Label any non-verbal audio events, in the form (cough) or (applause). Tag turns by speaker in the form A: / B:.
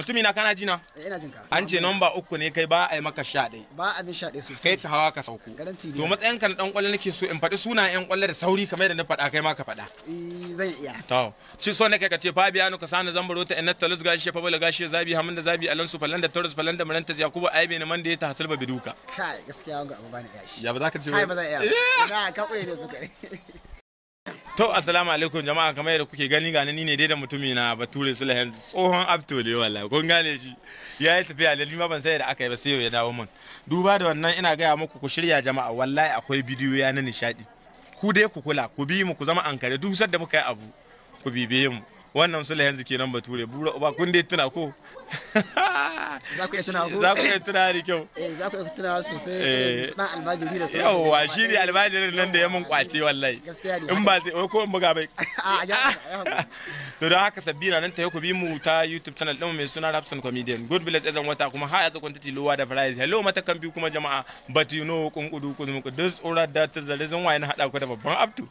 A: mutumi na kana jina eh, ina jinka an ce nomba uku ne kai ba a yi maka sha ɗaya ba abin sha ɗaya sosai kai ta hawa ka sauko garanti ne to matsayin ka na dan kwalle nake so in faɗi suna yan kwalle da sauri kamar da na faɗa kai ma ka faɗa eh, zan iya to ci so ne kai ka ce Fabiano ka sani zambaro ta Enes Talus gashi bala gashi Zabi da Zabi Alonso Falanda Torres Falanda Marantas Yakubu Aibe ne man da ya ta hasalba biduka kai gaskiya wanga abu bane yashi. shi ya ba za ka ce ba ba zan iya eh! ka kure ne to (laughs) To assalamu alaikum jama'a kamar yadda kuke gani ga ni ne dai da mutumi na Bature Sulaiman tsohon abto ne wallahi kun gane shi ya yi tafiya da ma ban sai da aka yi ba sai ya dawo mun duba da wannan ina gaya muku ku shirya jama'a wallahi akwai bidiyo ya na nishadi ku dai ku kula ku bi mu ku zama ankare duk sadda muka yi abu ku bibiye mu wannan sule yanzu kenan bature bura uba kun dai tuna ko (laughs) za ku iya tuna ko za ku iya tuna da kyau (laughs) eh, za ku iya tuna sosai eh. suna albajiri da sauran yawa shi ne albajirin nan da ya mun kwace wallahi in ba zai ko in buga bai (laughs) to don haka sabina nan ta ku bi mu ta youtube channel din mai suna Rapson Comedian good bless ezan wata kuma ha ya tsakon tati lowa da fries hello mata kan biyu kuma jama'a but you know kun kudu kun muku this order that the reason why na hada ku da babban Abdu?